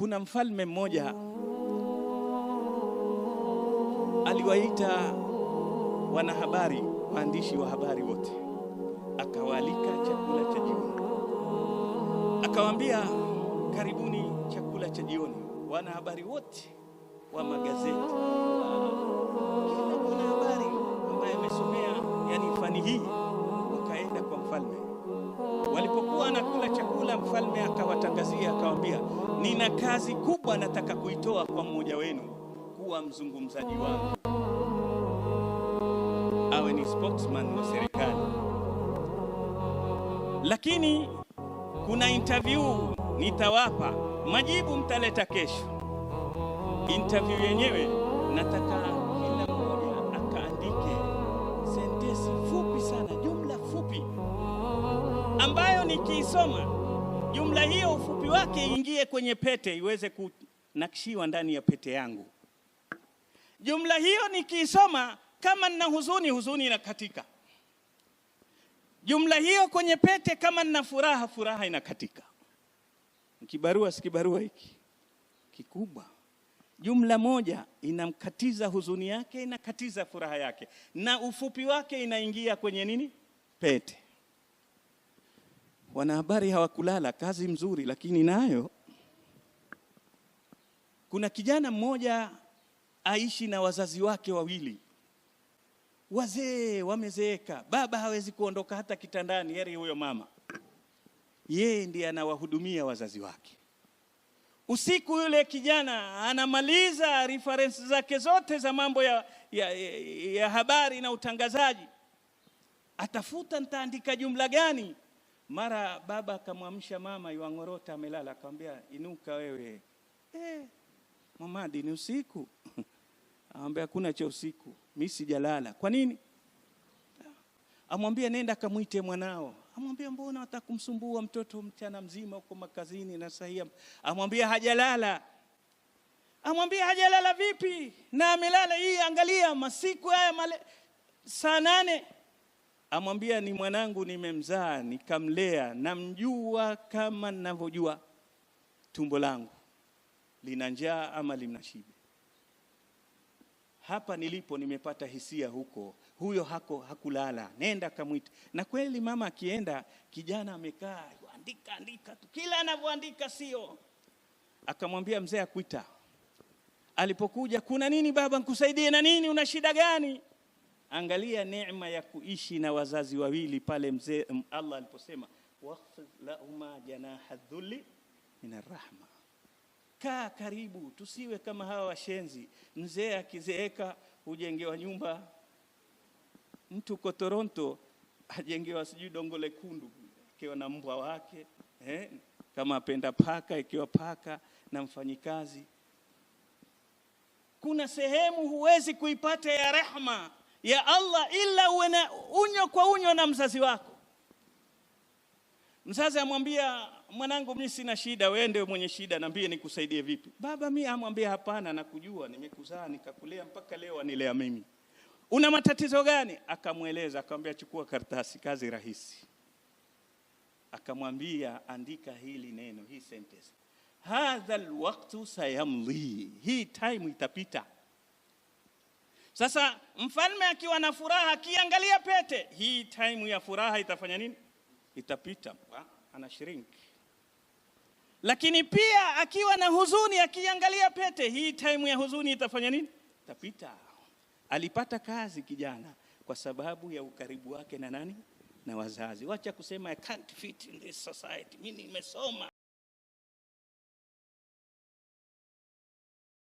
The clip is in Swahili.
Kuna mfalme mmoja aliwaita wanahabari, waandishi wa habari wote, akawaalika chakula cha jioni, akawaambia karibuni chakula cha jioni. Wanahabari wote wa magazeti, kila mwanahabari ambaye amesomea yani fani hii, wakaenda kwa mfalme. Walipokuwa anakula chakula, mfalme akawatangazia, akawambia nina kazi kubwa nataka kuitoa kwa mmoja wenu, kuwa mzungumzaji wangu, awe ni spokesman wa serikali. Lakini kuna interview nitawapa, majibu mtaleta kesho. Interview yenyewe nataka kila mmoja akaandike sentensi fupi sana, jumla fupi ambayo nikiisoma Jumla hiyo ufupi wake iingie kwenye pete iweze kunakshiwa ndani ya pete yangu. Jumla hiyo nikiisoma kama nina huzuni, huzuni inakatika. Jumla hiyo kwenye pete kama nina furaha, furaha inakatika. Kibarua si kibarua hiki kikubwa. Jumla moja inamkatiza huzuni yake, inakatiza furaha yake, na ufupi wake inaingia kwenye nini? Pete. Wanahabari hawakulala, kazi mzuri lakini nayo. Kuna kijana mmoja aishi na wazazi wake wawili, wazee wamezeeka, baba hawezi kuondoka hata kitandani, heri huyo mama, yeye ndiye anawahudumia wazazi wake. Usiku yule kijana anamaliza reference zake zote za mambo ya, ya, ya habari na utangazaji, atafuta nitaandika jumla gani mara baba akamwamsha mama, yuang'orota amelala, akamwambia inuka wewe. Eh, mamadi ni usiku amwambia hakuna cha usiku, mi sijalala. Kwa nini? Amwambia nenda akamwite mwanao. Amwambia mbona watakumsumbua mtoto mchana mzima huko makazini na sahia? Amwambia hajalala. Amwambia hajalala vipi? Na amelala hii, angalia masiku haya male, saa nane amwambia ni mwanangu, nimemzaa nikamlea, namjua kama ninavyojua tumbo langu, lina njaa ama lina shibe. Hapa nilipo nimepata hisia huko, huyo hako hakulala, nenda kamwita. Na kweli mama akienda, kijana amekaa andika andika tu, kila anavyoandika sio. Akamwambia mzee akuita, alipokuja kuna nini baba, nkusaidie na nini, una shida gani? Angalia neema ya kuishi na wazazi wawili pale mzee Allah aliposema waqfid lahuma janaha dhulli min arrahma, kaa karibu, tusiwe kama hawa washenzi. Mzee akizeeka hujengewa nyumba, mtu uko Toronto ajengewa sijui dongo lekundu, ikiwa na mbwa wake eh, kama apenda paka, ikiwa paka na mfanyikazi. Kuna sehemu huwezi kuipata ya rehma ya Allah ila uwe na unyo kwa unyo na mzazi wako. Mzazi amwambia mwanangu, mimi sina shida, wewe ndio mwenye shida, niambie nikusaidie vipi? Baba mimi amwambia hapana, nakujua, nimekuzaa nikakulea mpaka leo, anilea mimi. Una matatizo gani? Akamweleza, akamwambia chukua karatasi, kazi rahisi. Akamwambia andika hili neno, hii sentence, hadha alwaqtu sayamli, hii time itapita sasa mfalme akiwa na furaha akiangalia pete hii, time ya furaha itafanya nini? Itapita, ana shrink. Lakini pia akiwa na huzuni akiangalia pete hii, time ya huzuni itafanya nini? Itapita. Alipata kazi kijana kwa sababu ya ukaribu wake na nani? Na wazazi. Wacha kusema I can't fit in this society, mimi nimesoma.